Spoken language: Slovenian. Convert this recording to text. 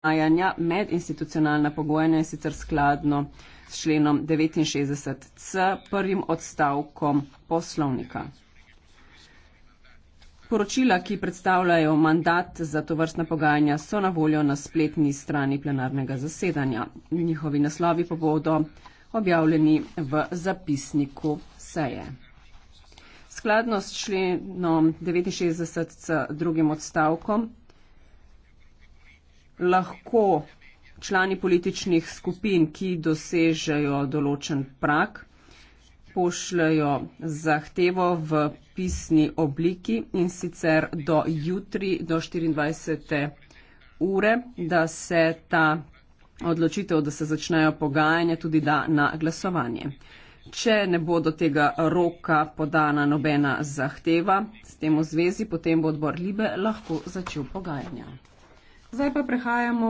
prenajanja med institucionalna pogojanja je sicer skladno s členom 69c prvim odstavkom poslovnika. Poročila, ki predstavljajo mandat za to vrstna pogajanja, so na voljo na spletni strani plenarnega zasedanja. Njihovi naslovi pa bodo objavljeni v zapisniku seje. Skladno s členom 69c drugim odstavkom lahko člani političnih skupin, ki dosežejo določen prak, pošljajo zahtevo v pisni obliki in sicer do jutri, do 24. ure, da se ta odločitev, da se začnejo pogajanja, tudi da na glasovanje. Če ne bo do tega roka podana nobena zahteva, s tem v zvezi potem bo odbor Libe lahko začel pogajanja. Zdaj pa prehajamo